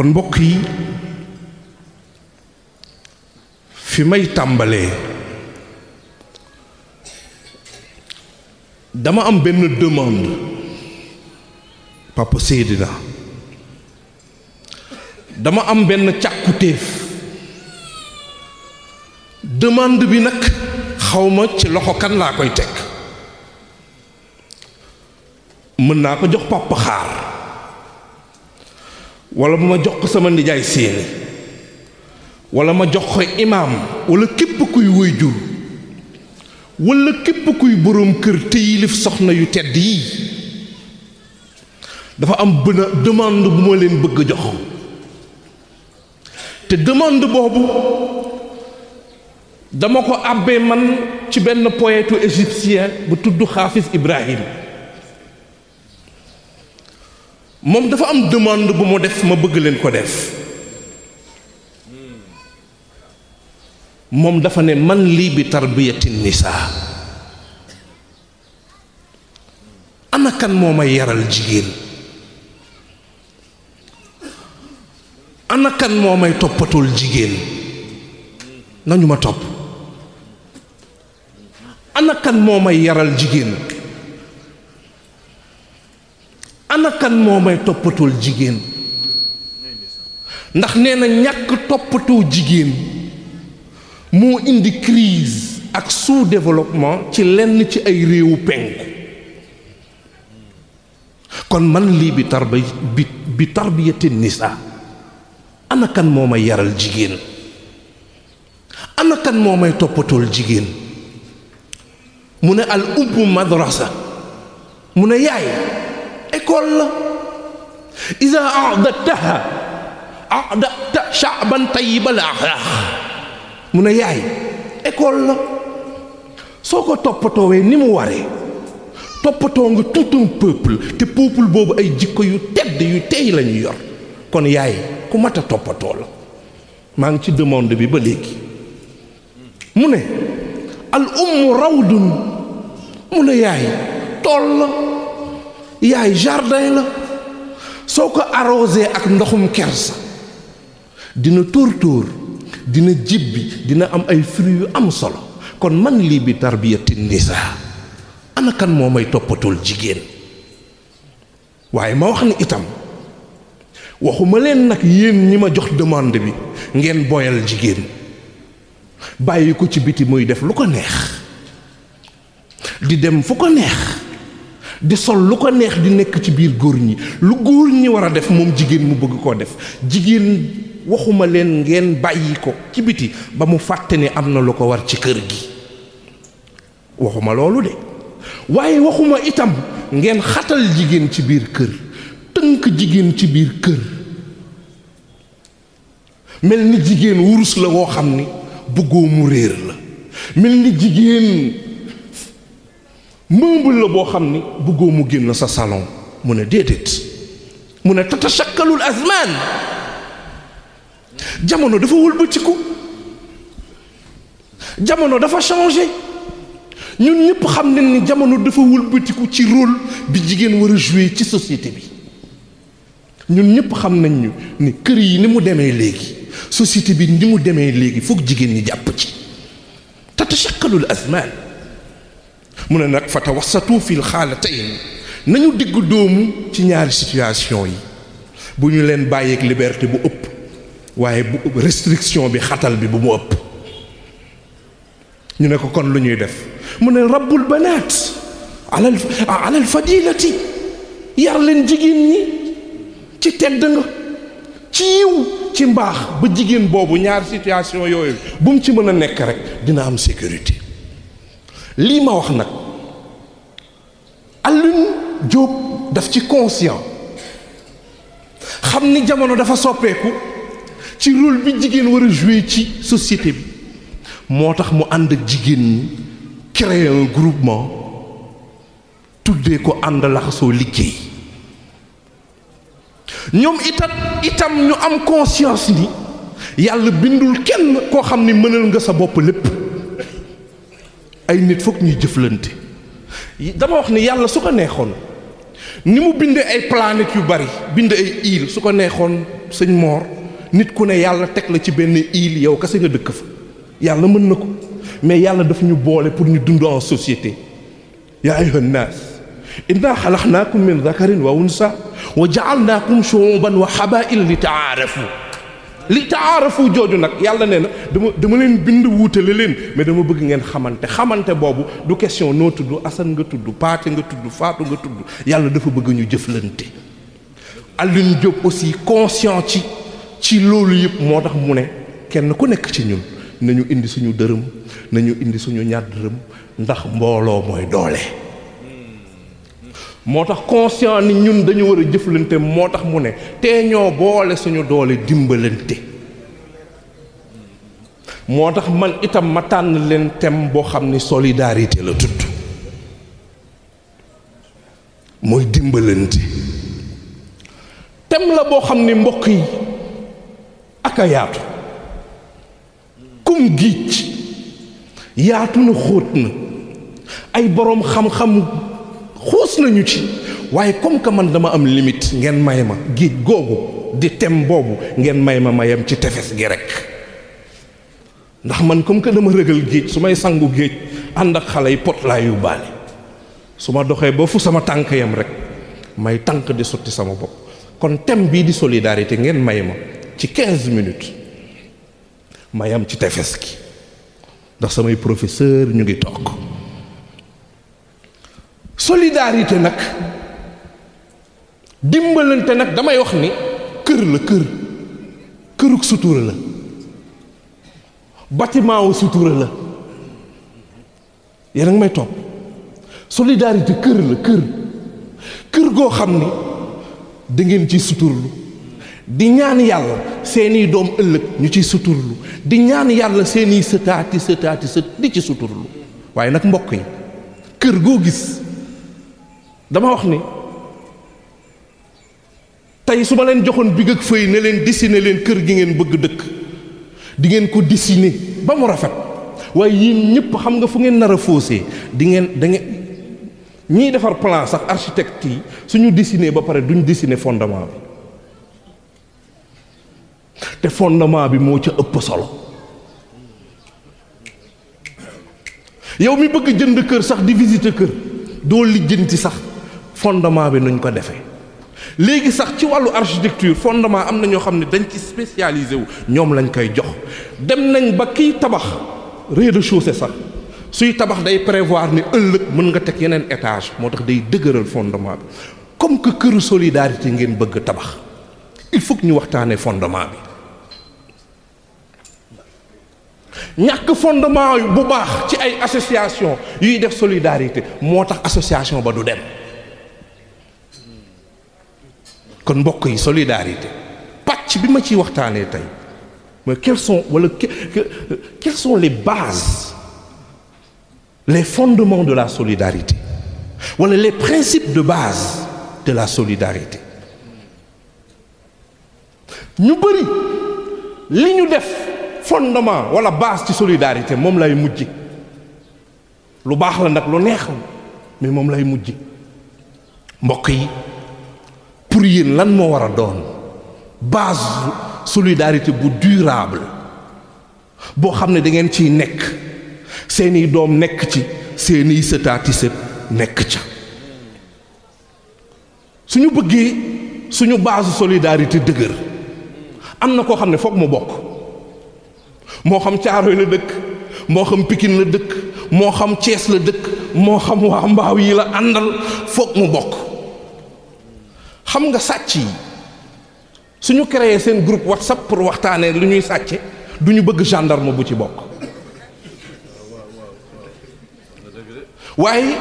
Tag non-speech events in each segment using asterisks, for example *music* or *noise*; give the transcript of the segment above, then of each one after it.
kon mbokk yi fi may tàmbalee dama am benn demande papa Seydina dama am benn càkkutéef dëmand bi nag xawma ci loxo kan laa koy teg mën naa ko jox papa xaar wala ma jox ko sama nijaay séeni wala ma jox ko imaam walla képp kuy woy jur wala képp kuy boroom kër te yilif soxna yu tedd yi dafa am bëna demande bu ma leen bëgg a te demande boobu dama ko àbbee man ci benn poète égyptien bu tudd Xaafis Ibrahim moom dafa am demande bu mu def ma bëgg leen ko def moom dafa ne man lii bi tarbiyati nisaa ana kan moo ma yaral jigéen ana kan moo toppatul jigéen nañu ma topp ana kan moo yaral jigéen ana kan moo may toppatul jigéen ndax nee na ñàkk toppatoo jigéen moo indi crise ak sous-développement ci lenn ci ay réewu penku kon man lii bi tarba bi bi tarbiyati nisa ana moo may yaral jigéen ana kan moo may toppatool jigéen mu ne al ubbu madrasa mu ne yaay école la isa adataha adata chaban tayiba la mu ne yaay école la soo ko toppatoowee ni mu waree toppatoo nga tout un te peuple boobu ay jikko yu tedd yu tey la ñu yor kon yaay ku mat a toppatoo la maa ngi ci demande bi ba léegi mu ne al ummu rawdun mu ne yaay tool yaay jardin la soo ko arrosé ak ndoxum kersa dina tóor tóor dina jibbi dina am ay fruits yu am solo kon man lii bi tarbiyati nisa ana kan moo may toppatul jigéen waaye ma wax ni itam waxuma leen nag yéen ñi ma jox demande bi ngeen boyal jigéen bàyyi ko ci biti muy def lu ko neex di dem fu ko neex di sol lu ko neex di nekk ci biir góor ñi lu góor ñi war a def moom jigéen mu bëgg koo def jigéen waxuma leen ngeen bàyyi ko ci biti ba mu fàtte ni am na lu ko war ci kër gi waxuma loolu de waaye waxuma itam ngeen xatal jigéen ci biir kër tënk jigéen ci biir kër mel ni jigéen wurus la woo xam ni bëggoo mu réer la mel ni jigéen meuble la boo xam ni bëggoo mu génn sa salon mu ne déedéet mu ne tatashakkalul azman jamono dafa wëlbatiku jamono dafa changé ñun ñëpp xam nañ ni jamono dafa wëlbatiku ci rôle bi jigéen war a jouer ci société bi ñun ñëpp xam nañ ñu ni kër yi ni mu demee léegi société bi ni mu demee léegi foog jigéen ñi jàpp ci tatashakkalul azman mu ne nag fa tawassatu fil xaalatayn nañu digg doomu ci ñaari situation yi bu ñu leen bàyyeeg liberté bu ëpp waaye bu restriction bi xatal bi bu mu ëpp ñu ne ko kon lu ñuy def mu ne rabbul banaat alal alal fadilati yar leen jigéen ñi ci tedd nga ci yiw ci mbaax ba jigéen boobu ñaari situation yooyu bu mu ci mën a nekk rek dina am sécurité lii ma wax nag Alioune jóob daf ci conscient xam ni jamono dafa soppeeku ci rôle bi jigéen war a jouer ci société bi moo tax mu ànd ak jigéen ñi groupement tuddee ko ànd laxasoo liggéey ñoom itam itam ñu am conscience ni yàlla bindul kenn koo xam ni mënal nga sa bopp lépp ay nit foog ñuy jëflante dama wax ni yàlla su ko neexoon ni mu bindee ay planète yu bari bind ay île su ko neexoon sëñ Mor nit ku ne yàlla teg la ci benn île yow kese nga dëkk fa yàlla mën na ko mais yàlla daf ñu boole pour ñu dund en société ya ayuha nnaas inna xalaqnaakum min dakarin wa unsa wa jaalnaakum shuuban wa xabail li taarafu li taarafu jooju nag yàlla nee na dama dama leen bind wuutale leen mais dama bëgg ngeen xamante xamante boobu du question noo tudd Assane nga tudd Paate nga tudd Faatu nga tudd yàlla dafa bëgg ñu jëflante Alioune Diop aussi conscient ci ci loolu yëpp moo tax mu ne kenn ku nekk ci ñun nañu indi suñu dërëm nañu indi suñu ñaar dërëm ndax mbooloo mooy doole moo tax conscient ni ñun dañu war a jëflante moo tax mu ne te ñoo boole suñu doole dimbalante moo tax man itam ma tànn leen thème boo xam ni solidarité la tudd mooy dimbalante thème la boo xam ni mbokk yi ak a yaatu kum giic yaatu na xóot na ay boroom xam-xam xuus nañu ci waaye comme que man dama am limite ngeen may ma géej googu di tem boobu ngeen may ma mayam ci tefes gi rek ndax man comme que dama rëgal géej su may sangu géej ànd ak xale yi pot yu baale su ma doxee ba fu sama tànk yam rek may tànk di sotti sama bopp kon tem bii di solidarité ngeen may ma ci 15 minutes mayam ci tefes gi ndax samay professeur ñu ngi toog solidarité nag dimbalante nag damay wax ni kër la kër këruk sutura la bâtiment wu sutura la yéen may topp solidarité kër la kër kër goo xam ni da ci suturlu di ñaan yàlla seeni doom ëllëg ñu ci suturlu di ñaan yàlla seeni sëtaati sëtaati sët di ci suturlu waaye nag mbokk yi kër goo gis dama wax ni tey su ma leen joxoon big ak fëy ne leen dessiner leen kër gi ngeen bëgg dëkk di ngeen ko dessiner ba mu rafet waaye yéen ñëpp xam nga fu ngeen nar a faussé di ngeen da ngeen ñiy defar plan sax architecte yi suñu dessiner ba pare duñ dessiner fondement bi te fondement bi moo ca ëpp solo yow mi bëgg jënd kër sax di visiter kër doo lijjanti sax. fondement bi nuñ ko defee léegi sax ci wàllu architecture fondement am na ñoo xam ne dañ ci spécialisé wu ñoom lañ koy jox dem nañ ba kiy tabax rez-de-chaussée sax suy tabax day prévoir ni ëllëg mën nga teg yeneen étage moo tax day dëgëral fondement bi comme que këru solidarité ngeen bëgg tabax il faut ñu waxtaanee fondement bi ñàkk fondement bu baax ci ay association yuy def solidarité moo tax association ba du dem kon mbokk yi solidarité pàcc bi ma ci waxtaanee tey mais quels sont wala quelles sont les bases les fondements de la solidarité wala les principes de base de la solidarité ñu bëri li ñu def fondement wala base ci solidarité moom lay mujj lu baax la nag lu neex la mais moom lay mujj mbokk yi pour yéen lan moo war a doon baas solidarité bu durable boo xam ne da ngeen ciy nekk seeni doom nekk ci seeni sëtaati sët nekk ca suñu bëggee suñu base solidarité dëgër am na koo xam ne foog mu bokk moo xam Caaroy la dëkk moo xam pikin la dëkk moo xam Cees la dëkk moo xam waa Mbaaw yi la àndal foog mu bokk xam nga sàcc yi suñu créé seen group whatsapp pour waxtaanee lu ñuy sàcce du ñu bëgg gendarme bu ci bokk waaye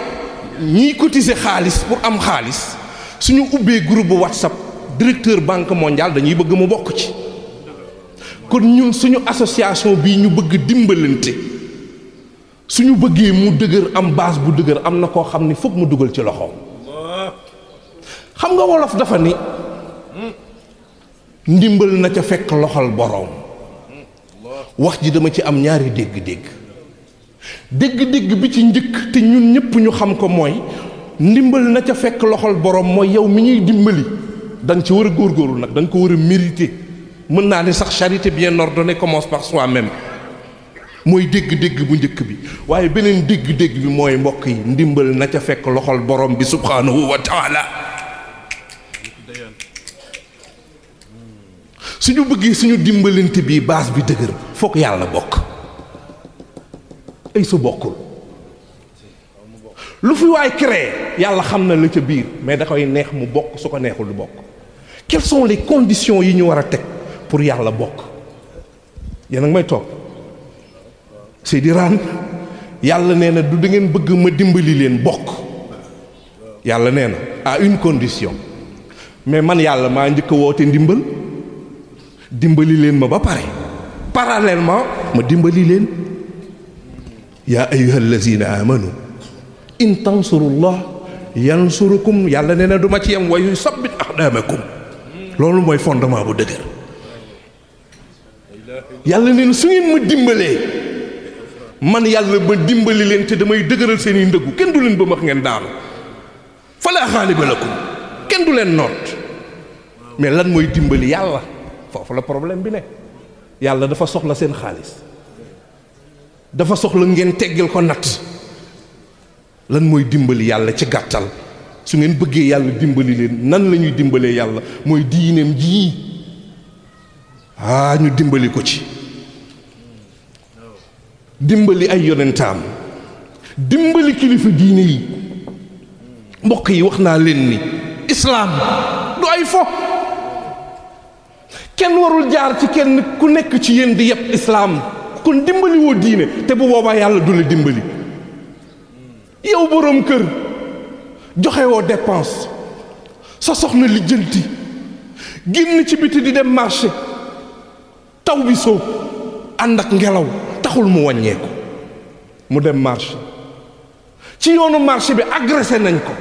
ñiy cotiser xaalis pour am xaalis suñu ubbee group bu whatsapp directeur banque mondiale dañuy bëgg mu bokk ci kon ñun suñu association bii ñu bëgg dimbalante suñu bëggee mu dëgër am base bu dëgër am na koo xam ni foog mu dugal ci loxoom. xam nga wolof dafa ni ndimbal na ca fekk loxol boroom wax ji dama ci am ñaari dégg-dégg dégg-dégg bi ci njëkk te ñun ñëpp ñu xam ko mooy ndimbal na ca fekk loxol boroom mooy yow mi ñuy dimbali dañ ci war a góorgóorlu nag dañ ko war a mérité mën naa ne sax bi yenn ordonnée commence parce que même mooy dégg-dégg bu njëkk bi waaye beneen dégg-dégg bi mooy mbokk yi ndimbal na ca fekk loxol boroom bi subhanahu wa suñu bëggee suñu dimbalante bi baas bi dëgër foog yàlla bokk ay su bokkul lu fi waay créé yàlla xam na la ca biir mais da koy neex mu bokk su ko neexul du bokk quelles sont les conditions yi ñu war a teg pour yàlla bokk yéen a may toog c'est di ran yàlla nee na du da ngeen bëgg ma dimbali leen bokk yàlla nee na à une condition mais man yàlla maa njëkk woote ndimbal dimbali leen ma ba pare parallèlement ma dimbali leen yaa ayuha allazina amanu in tansurullah yansurukum yàlla nee na du ma ci yem wayu sabbit loolu mooy fondement bu dëgër yàlla nee na su ngeen ma dimbalee man yàlla ba dimbali leen te damay dëgëral seen i ndëggu kenn du leen ba max ngeen daanu falaa xaaliba lakum kenn du leen noot mais lan mooy dimbali yàlla foofu la problème bi ne yàlla dafa soxla seen xaalis dafa soxla ngeen teggel ko natt lan mooy dimbali yàlla ci gàttal su ngeen bëggee yàlla dimbali leen nan la ñuy dimbalee yàlla mooy diineem jii ah ñu dimbali ko ci dimbali ay yonentaam dimbali kilifa diine yi mbokk yi wax naa leen ni islaam du ay fo kenn warul jaar ci kenn ku nekk ci yéen di yëpp islaam kon dimbali woo diine te bu boobaa yàlla du la dimbali yow boroom kër joxewoo woo dépense sa soxna lijjanti génn ci biti di dem marché taw bi soob ànd ak ngelaw taxul mu wàññeeku mu dem marché ci yoonu marché bi agressé nañ ko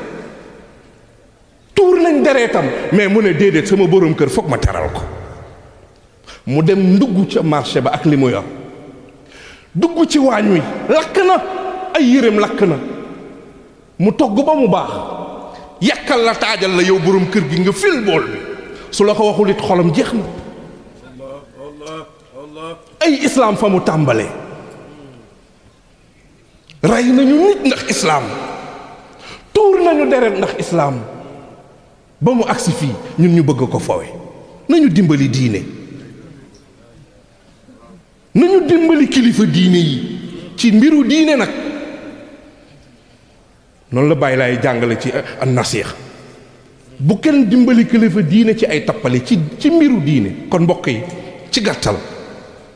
tuur nañ deretam mais mu ne déedéet sama boroom kër foog ma teral ko mu dem ndugg ca marché ba ak li mu yor dugg ci waañ wi lakk na ay yéreem lakk na mu togg ba mu baax yàkkal la taajal la yow boroom kër gi nga fil bool bi su la ko waxul it xolam jeex na ay islaam fa mu tàmbalee rey nañu nit ndax islaam tuur nañu deret ndax islaam ba mu agsi fii ñun ñu bëgg ko fowe nañu dimbali diine nañu dimbali kilifa diine yi ci mbiru diine nag noonu la bàyyi jàngale ci euh, an nasiix bu kenn dimbali kilifa diine ci ay tappale ci ci mbiru diine kon mbokk yi ci gàttal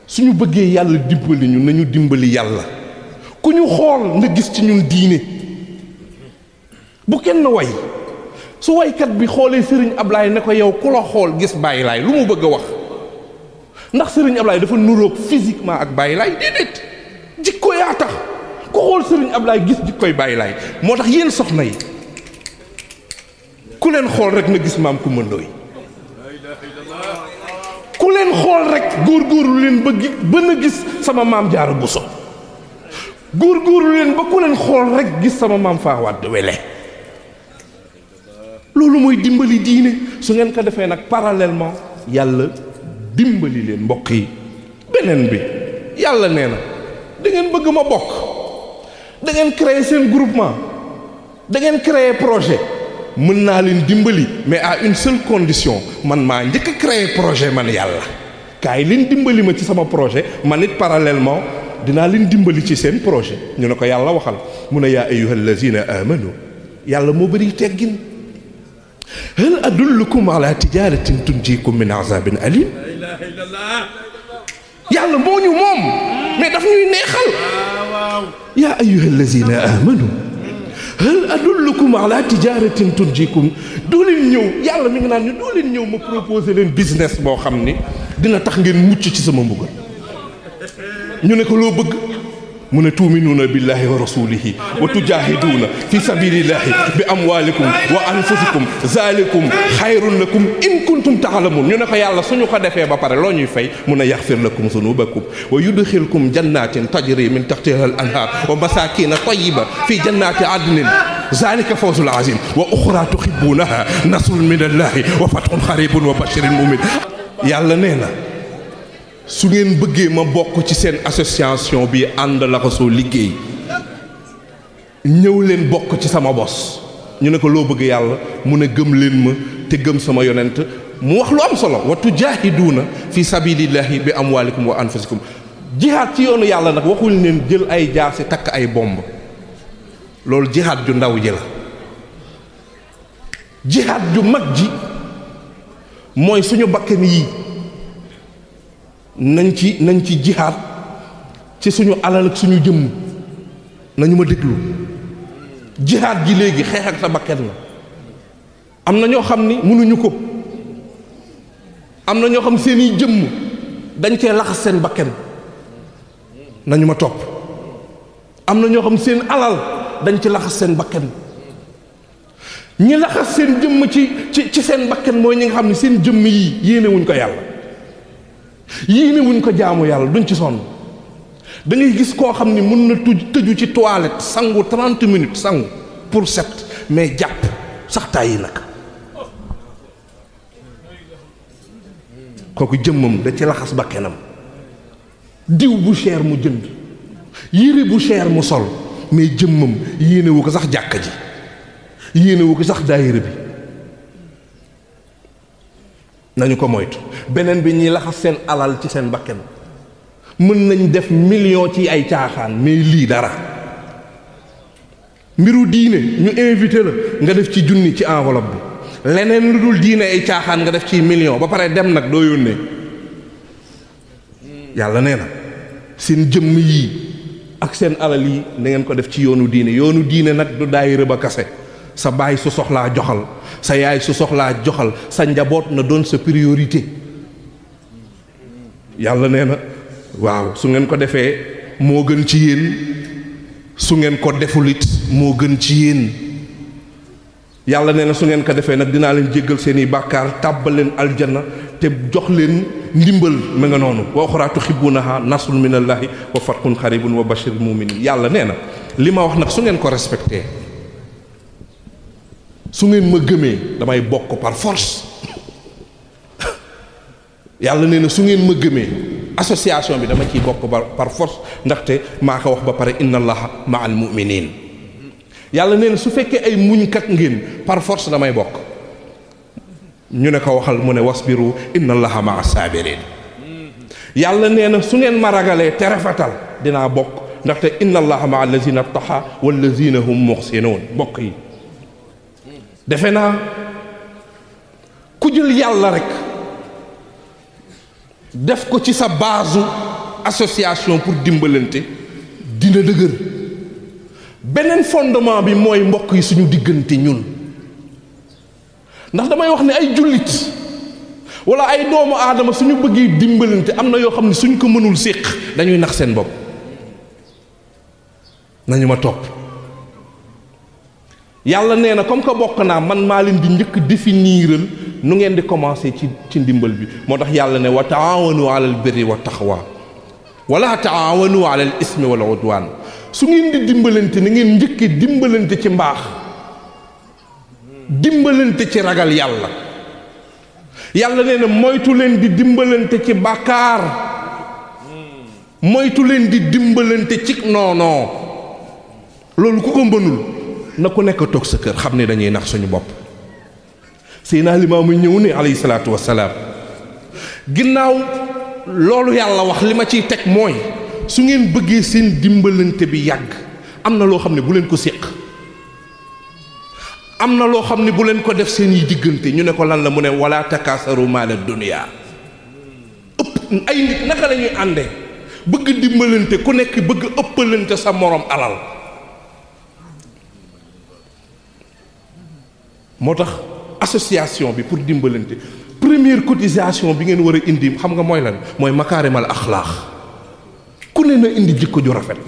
suñu bëggee yàlla dimbali ñu nañu dimbali yàlla ku ñu xool nga gis ci ñun diine bu kenn way su waykat bi xoolee sëriñ Ablaay ne ko yow ku la xool gis bàyyi lu mu bëgg a wax ndax Serigne laay dafa nuróog physiquement ak Baye Laye déedéet jikko yaa tax ku xool Serigne Ablaye gis jikkoy Baye moo tax yéen soxna yi ku leen xool rek na gis maam ku mëndooy ku leen xool rek góorgóorlu leen ba gi ba na gis sama maam jaara bu so góorgóorlu leen ba ku leen xool rek gis sama maam faa wàdd wele loolu mooy dimbali diine su ngeen ko defee nag parallèlement yàlla dimbali leen mbokk yi beneen bi yàlla nee na da bëgg ma bokk da ngeen seen groupement dangeen ngeen projet mën naa leen dimbali mais à une seule condition man maa njëkk a créer projet man yàlla kaay leen dimbali ma ci sama projet man it parallèlement dinaa leen dimbali ci seen projet ñu ne ko yàlla waxal mu ne yaa ayyuhal lazina amanu yàlla moo bëri teggin hal adullukum ala tijaratin tunjikum min azabin ali yàlla moo ñu moom mais daf ñuy neexal yaa ayuha allazina amanu hal adullukum ala tijaratin turjikum doo leen ñëw yàlla mi ngi naan ñu doo leen ñëw ma proposé leen business boo xam ni dina tax ngeen mucc ci sama mbugal ñu ne ko loo bëgg من تؤمنون بالله ورسوله وتجاهدون في سبيل الله باموالكم وانفسكم ذلكم خير لكم ان كنتم تعلمون ني نكو يالا سونو كو ديفه با بار لو فاي من يغفر لكم ذنوبكم ويدخلكم جنات تجري من تحتها الانهار ومساكن طيبه في جنات عدن ذلك فوز العظيم واخرى تحبونها نصر من الله وفتح قريب وبشر المؤمن يالا نينا su ngeen bëggee ma bokk ci seen association bi ànd laxasoo liggéey ñëw leen bokk ci sama bos ñu ne ko loo bëgg yàlla mu ne gëm leen ma te gëm sama yonent mu wax lu am solo wa tujaahiduuna fi sabilillahi bi amwaalikum wa anfusikum jihaad ci yoonu yàlla nag waxul leen jël ay jaar jaasi takk ay bomb loolu jihaad ju ndaw ji la jihaad ju mag ji mooy suñu bakkan yi nañ ci nañ ci jihaat ci suñu alal ak suñu jëmm nañu ma déglu jihaat ji léegi xeex ak sa bakkan la am na ñoo xam ni munuñu ko am na ñoo xam seen seeni jëmm dañ cee laxas seen bakkan nañu ma topp am na ñoo xam seen alal dañ ci laxas seen bakkan ñi laxas seen jëmm ci ci ci seen bakkan mooy ñi nga xam ne seen jëmm yi yéenewuñ ko yàlla yii ni wuñ ko jaamu yàlla duñ ci sonn da ngay gis koo xam ni mën na tuj tëju ci toilette sangu 30 minutes sangu pour set mais jàpp sax tàyyi nag kooku jëmmam da ci laxas bakkenam diw bu cher mu jënd yére bu cher mu sol mais jëmmam yéenewu ko sax jàkka ji yéenewu ko sax daayira bi nañu ko moytu beneen bi ñuy laxas seen alal ci seen bakken mën nañ def million ci ay caaxaan mais lii dara mbiru diine ñu invité la nga def ci junni ci enveloppe bi leneen lu dul diine ay caaxaan nga def ci million ba pare dem nag doo yónnee yàlla nee na seen jëmm yii ak seen alal yi da ko def ci yoonu diine yoonu diine nag du daayira ba kase sa baay su soxlaa joxal sa yaay su soxlaa joxal sa njaboot na doon sa priorité yàlla nee na waaw su ngeen ko defee moo gën ci yéen su ngeen ko deful it moo gën ci yéen yàlla nee na su ngeen ko defee nag dinaa leen jéggal seeni bàkkaar tàbbal leen aljana te jox leen ndimbal ma nga noonu wa uxraa tuhibbuunahaa nasrun minallaahi wa fatxun xaribun wa bashiril mu'minin yàlla nee na li ma wax nag su ngeen ko respecté su ngeen ma gëmee damay bokk par force yàlla nee na su ngeen ma gëmee association bi dama ciy bokk par force ndaxte maa ko wax ba pare inna allaha ma al muminin yàlla nee na su fekkee ay muñkat ngeen par force damay bokk ñu ne ko waxal mu ne wasbiru inna allaha ma sabirin yàlla nee na su ngeen ma ragalee te rafetal dinaa bokk ndaxte inna allaha ma allazina taxa wallazina hum muxsinuun bokk yi defe naa ku jël yàlla rek def ko ci sa baasu association pour dimbalante dina dëgër beneen fondement bi mooy mbokk yi suñu diggante ñun ndax damay wax ne ay jullit walla ay doomu aadama suñu bëggee dimbalante am na yoo xam ne suñ ko mënul séq dañuy nax seen bopp nañu ma topp yàlla nee na comme que bokk naa man maa leen di njëkk définiral nu ngeen di commencé ci ci ndimbal bi moo tax yàlla ne wa taawanu alal birri wa taqwa wala taawanu alal ismi wala udwan su ngeen di dimbalante na ngeen njëkkee dimbalante ci mbaax dimbalante ci ragal yàlla yàlla nee na moytu leen di dimbalante ci bàkkaar moytu leen di dimbalante ci noonoo loolu ku ko na ku nekk toog sa kër xam ne dañuy nax suñu bopp Seydina Limaamu ñëw ne alayhi salaatu wassalaam ginnaaw loolu yàlla wax li ma ciy teg mooy su ngeen bëggee seen dimbalante bi yàgg am na loo xam ne bu leen ko séq am na loo xam ne bu leen ko def seen diggante ñu ne ko lan la mu ne wala takaasaru maala dunia ëpp ay nit naka la ñuy bëgg dimbalante ku nekk bëgg ëppalante sa morom alal moo tax association bi pour dimbalante première cotisation bi ngeen war a indi xam nga mooy lan mooy makaarimal axlaax ku ne na indi jikko ju rafet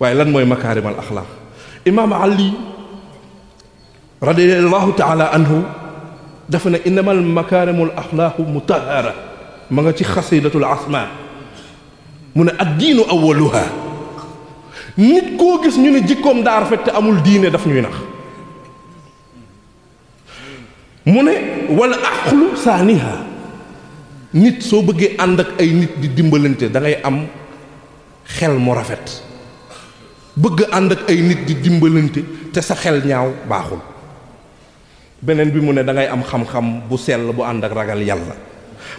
waaye lan mooy makaarimal axlaax imaam ali radiallahu taala anhu dafa ne innamal makaarimul axlaaxu mutahara ma nga ci xasidatul asma mu ne ad diinu awaluha nit koo gis ñu ne jikkoom daa rafet te amul diine daf ñuy nax mu ne wala aqlu saaniha nit soo bëggee ànd ak ay nit di dimbalante dangay am xel mu rafet bëgg ànd ak ay nit di dimbalante te sa xel ñaaw baaxul beneen bi mu ne dangay am xam-xam bu sell bu ànd ak ragal yàlla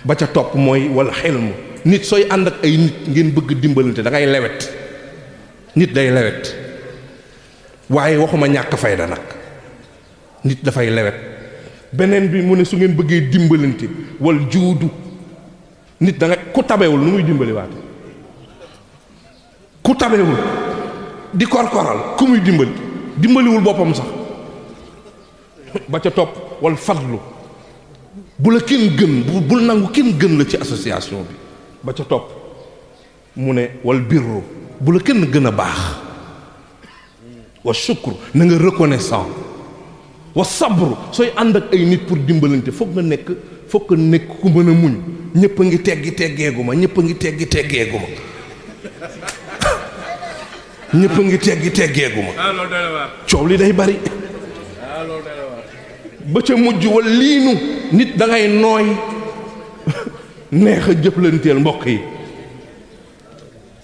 ba ca topp mooy wala xelmu nit sooy ànd ak ay nit ngeen bëgg dimbalante da ngay lewet nit day lewet waaye waxuma ñàkk fayda nag nit dafay lewet beneen bi mu ne su ngeen bëggee dimbalante wal juudu nit da nga tabewul nu muy dimbali waate ku tabewul di korkoral ku muy dimbali dimbaliwul boppam sax ba ca topp wal fadlu bu la kenn gën bu bul nangu kenn gën la ci association bi ba ca topp mu ne wal birru bu la kenn gën a baax wa shukru na nga reconnaissant wa sabru sooy ànd ak ay nit pour dimbalante foog nga nekk foog nga nekk ku mën a muñ ñëpp a ngi teggi teggeegu ma ñëpp ngi teggi teggeegu ñëpp a ngi teggi teggeegu ma *laughs* ah, coow li day bari ah, ba ca mujj wa liinu nit dangay ngay nooy *laughs* neex a jëflanteel mbokk yi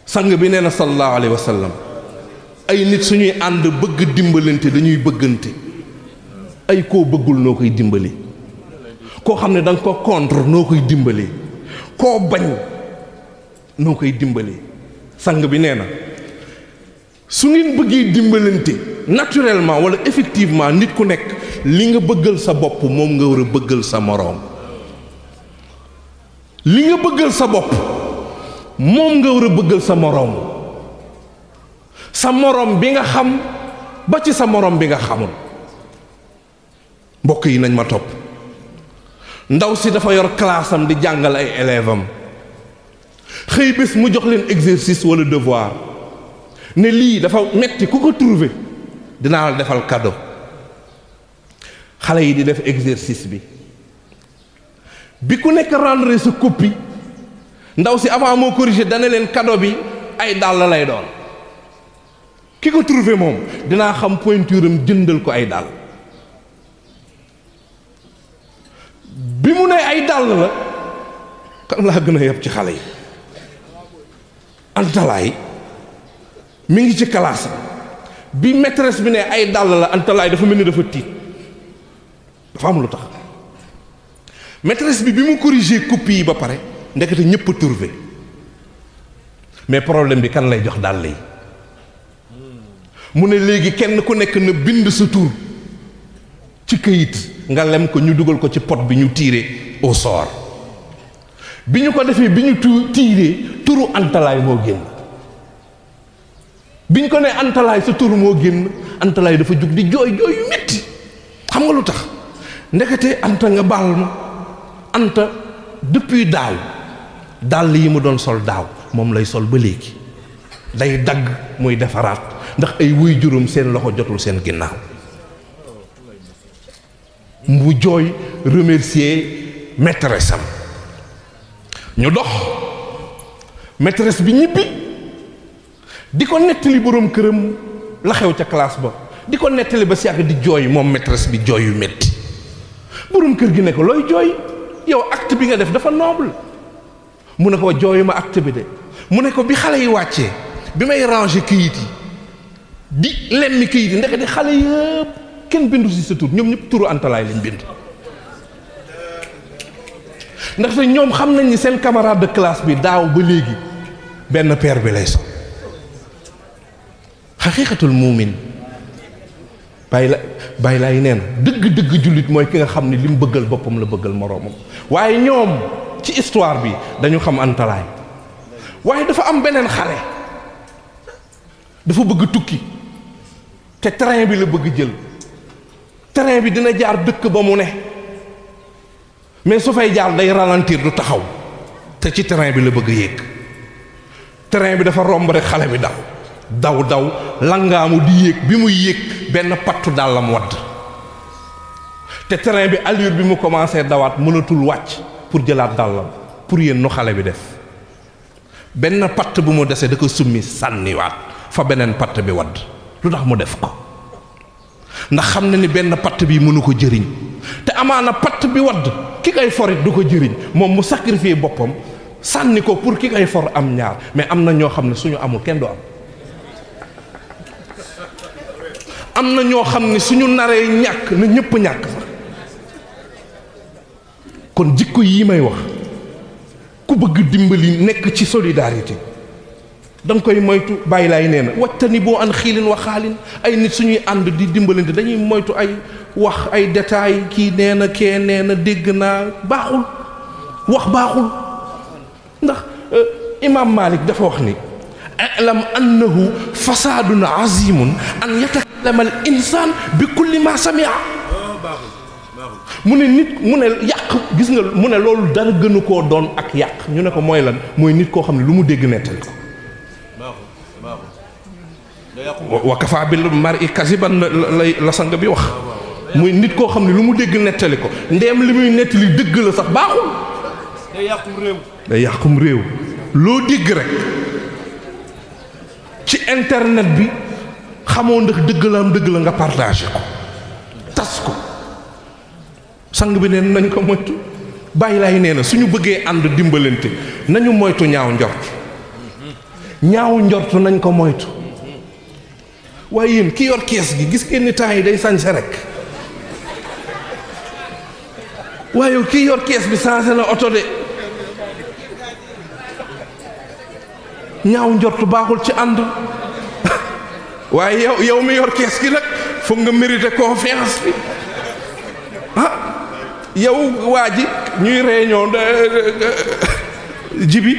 sang bi nee na sallallahu alayhi wa ay nit suñuy ànd bëgg dimbalante dañuy bëggante ay koo bëggul noo koy dimbali koo xam ne danga nga ko contre noo koy dimbali koo bañ noo koy dimbali sang bi nee na su ngeen bëggee dimbalante naturelement wala effectivement nit ku nekk li nga bëggal sa bopp moom nga war a bëggal sa moroom li nga bëggal sa bopp moom nga war a bëggal sa moroom sa moroom bi nga xam ba ci sa moroom bi nga xamul mbokk yi nañ ma topp ndaw si dafa yor classe di jàngal ay élève am xëy bés mu jox leen exercice wala devoir ne lii dafa metti ku ko trouver dinaa la defal kaddo xale yi di def exercice bi bi ku nekk rendre sa copie ndaw si avant moo corriger dana leen cadeau bi ay dàll lay doon ki ko trouver moom dinaa xam pointure am jëndal ko ay dàll bi mu ne ay dàll la kan laa gën a yab ci xale yi antalaay mu ngi ci classe bi maîtresse bi ne ay dàll la antalaay dafa mel ni dafa tiit dafa am lu tax maîtresse bi bi mu corriger copie yi ba pare ndekete ñëpp a mais problème bi kan lay jox dàll yi mu ne léegi kenn ku nekk na bind sa tur ci këyit nga lem ko ñu dugal ko ci pot bi ñu tiré au sort bi ko defee tiré turu antalai moo génn bi ko ne antalaay sa turu moo génn antalaay dafa jug di jooy jooy yu metti xam nga lu tax anta nga baal ma anta depuis daaw dàll yi mu doon sol daaw moom lay sol ba léegi day dagg muy defaraat ndax ay wuy seen loxo jotul seen mu joy remercier maîtresse am ñu dox maîtresse bi ñibbi diko netti borom kërëm la xew ca classe ba diko netti ba si yàgg di joy mom maîtresse bi jooy yu métti kër gi ne ko looy yow acte bi nga def dafa noble mu ne ko jooyu ma acte bi de mu ne ko bi xalé yi wàccee bi may ranger kayit yi di lemmi kayit yi di xalé yëpp kenn bindu si sa tur ñoom ñëpp turu antalaay lañ bind ndaxte ñoom xam nañ ni seen camarade de classe bi daaw ba léegi benn paire bi lay sol xaqiiqatul muumin bay la bay laay nee na dëgg-dëgg jullit mooy ki nga xam ni li mu bëggal boppam la bëggal moroomam waaye ñoom ci histoire bi dañu xam antalaay waaye dafa am beneen xale dafa bëgg tukki te train bi la bëgg jël train bi dina jaar dëkk ba mu ne mais su fay jaar day ralentir du taxaw te ci train bi la bëgg yéeg train bi dafa romb xale bi daw daw daw langaamu di yéeg bi muy yéeg benn pattu dàllam wadd te train bi allure bi mu commencé dawaat mënatul wàcc pour jëlaat dàllam pour yéen nu xale bi def benn patt bu mu desee da ko summi sànniwaat fa beneen patt bi wadd lu tax mu def ko ndax xam na ni benn patt bi mënu ko jëriñ te amaana patt bi wadd ki koy forit du ko jëriñ moom mu sacrifier boppam sànni ko pour ki koy for am ñaar mais am na ñoo xam ne suñu amul kenn am am na ñoo xam ne suñu naree ñàkk na ñëpp ñàkk sax kon jikko yii may wax ku bëgg dimbali nekk ci solidarité da nga koy moytu bàyyi laay nee na wacta ni boo an xiilin wa ay nit suñuy ànd di dimbalante dañuy moytu ay wax ay détails kii nee na kee nee na dégg naa baaxul wax baaxul ndax euh, imaam Malik dafa wax ni alam annahu fasaadun azimun an yatakallama al insaan bi kulli ma samia mu ne nit mu ne yàq gis nga mu ne loolu dara gënu koo doon ak yàq ñu ne ko mooy lan mooy nit koo xam ne lu mu dégg nettali wa kafaa bil mar'i kasiban la sang bi wax muy nit koo xam ne lu mu dégg nettali ko ndeem li muy nettali dëgg la sax baaxul day yàqum réew loo dégg rek ci internet bi xamoo ndax dëgg la dëgg la nga partagé ko tas ko sang bi neen nañ ko moytu bàyyi laay nee na suñu bëggee ànd dimbalante nañu moytu ñaaw njort ñaaw njort nañ ko moytu waaye yéen ki yor kees gi gis ngeen ni yi day sañse rek waaye ki yor kees bi sañse na oto de ñaaw njortu baaxul ci ànd waaye yow yow mi yor kees gi nag foog nga mérité confiance bi ah yow waa ji ñuy réunion jibi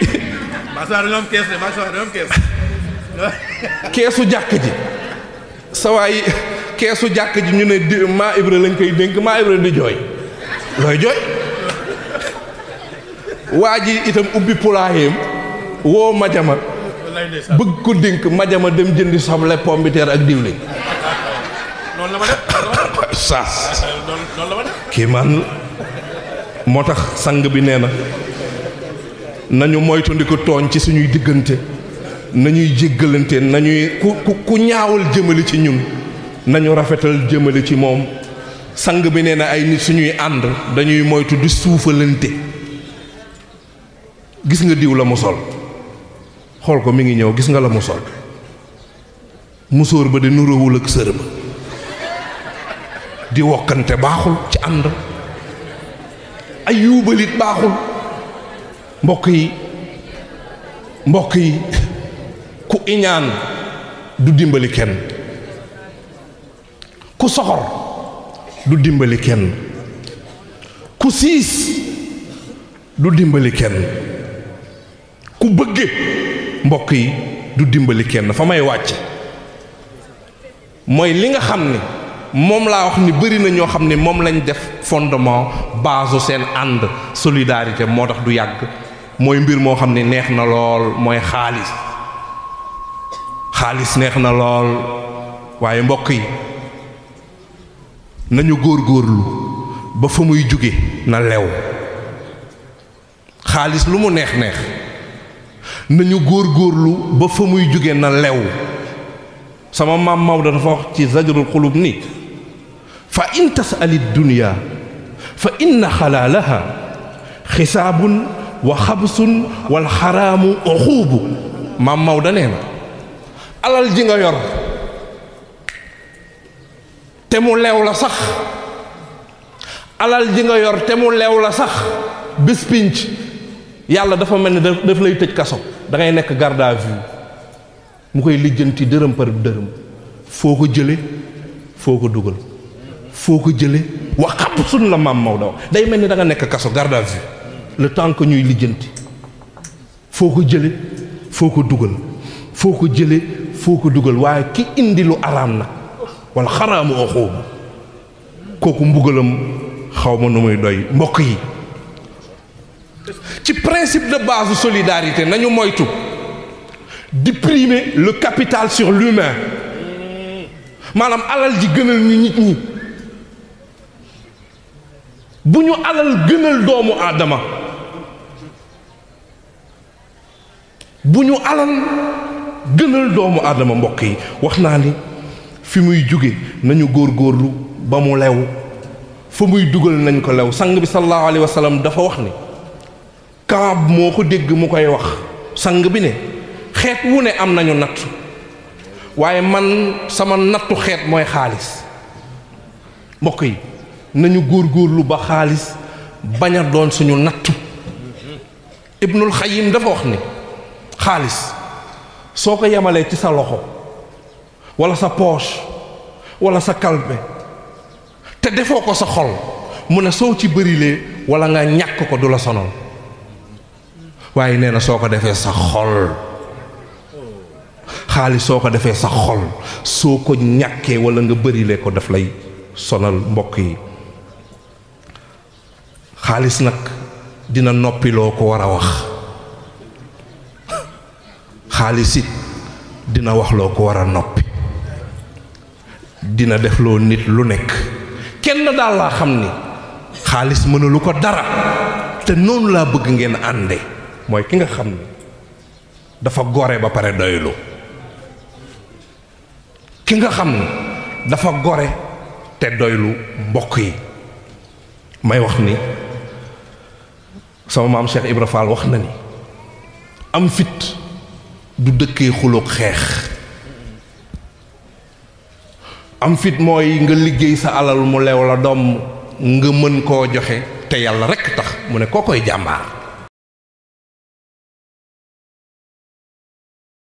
keesu jàkk ji sawaay keesu jàkk ji ñu ne di maa ibra lañ koy dénk maa ibra di jooy looy jooy waa ji itam ubbi poulailler woo majama bëgg ko dénk majama dem jëndi soble pomme de ak diwlin noonu *coughs* kii man moo tax sang bi nee na nañu moytu tooñ ci suñuy diggante nañuy jéggalante nañuy ku ku ñaawal jëmale ci ñun nañu rafetal jëmale ci moom sang bi nee na ay nit suñuy ànd dañuy moytu di suufalante gis nga diw la mu sol xool ko mi ngi ñëw gis nga la mu sol musóor ba di nuróowul ak sër ba di wokkante baaxul ci ànd ay yuubalit baaxul mbokk yi mbokk yi iñaan du dimbali kenn ku soxor du dimbali kenn ku siis du dimbali kenn ku bëgge mbokk yi du dimbali kenn fa may wàcc mooy li nga xam ni moom laa wax ni bëri na ñoo xam ne moom lañ def fondement base seen ànd solidarité moo tax du yàgg mooy mbir moo xam ne neex na lool mooy xaalis xaalis neex na lool waaye mbokk yi nañu góor góorlu ba fa muy jóge na lew xaalis lu mu neex neex nañu góor góorlu ba fa muy jóge na lew sama maam Maodo dafa wax ci zajrul xulub ni fa in tasali dunya fa inna xalaalaha xisaabun wa xabsun wal xaraamu uxuubu maam Maodo nee na alal ji nga yor te mu leew la sax alal ji nga yor te mu leew la sax bés pinc yàlla dafa mel ni daf lay tëj kaso da ngay nekk garde à mu koy lijjanti dërëm par dërëm foo ko jële foo ko dugal foo ko jële wax xapp suñ la maam Maodo day mel ni danga nekk kaso garde à vue le ñuy lijjanti foo ko jële foo ko dugal foo ko jële foo ko dugal waaye ki indi lu araam na wala xaraamu axoobu kooku mbugalam xaw ma nu muy doy mbokk yi ci principe de base solidarité nañu moytu di primer le capital sur l'humain maanaam alal ji gënal ñu nit ñi bu ñu alal gënal doomu aadama bu ñu alal gënal doomu aadama mbokk yi wax naa ni fi muy jóge nañu góor góorlu ba mu lew fa muy dugal nañ ko lew sang bi sallallahu alayhi wa dafa wax ne kaab moo ko dégg mu koy wax sang bi ne xeet wu ne am nañu natt waaye man sama nattu xeet mooy xaalis mbokk yi nañu góor góorgóorlu ba xaalis bañ a doon suñu nattu ibnul xayim dafa wax ne xaalis soo ko yemalee ci sa loxo walla sa poos wala sa kalpe te defoo ko sa xol mu ne soo ci bërilee walla nga ñàkk ko du la sonal waaye nee na soo ko defee sa xol xaalis soo ko defee sa xol soo ko ñàkkee wala nga bërilee ko daf lay sonal mbokk yi xaalis nag dina noppiloo ko war a wax xaalis it dina wax loo ko war a noppi dina def loo nit lu nekk kenn daal laa xam ni xaalis mënalu ko dara te noonu laa bëgg ngeen ànde mooy ki nga xam ni dafa gore ba pare doylu ki nga xam ni dafa gore te doylu mbokk yi may wax ni sama maam Cheikh Ibra Fall wax na ni am fit du dëkkee xeex am fit mooy nga liggéey sa alal mu lew la doom nga mën koo joxe te yàlla rekk tax mu ne koo koy jàmbaar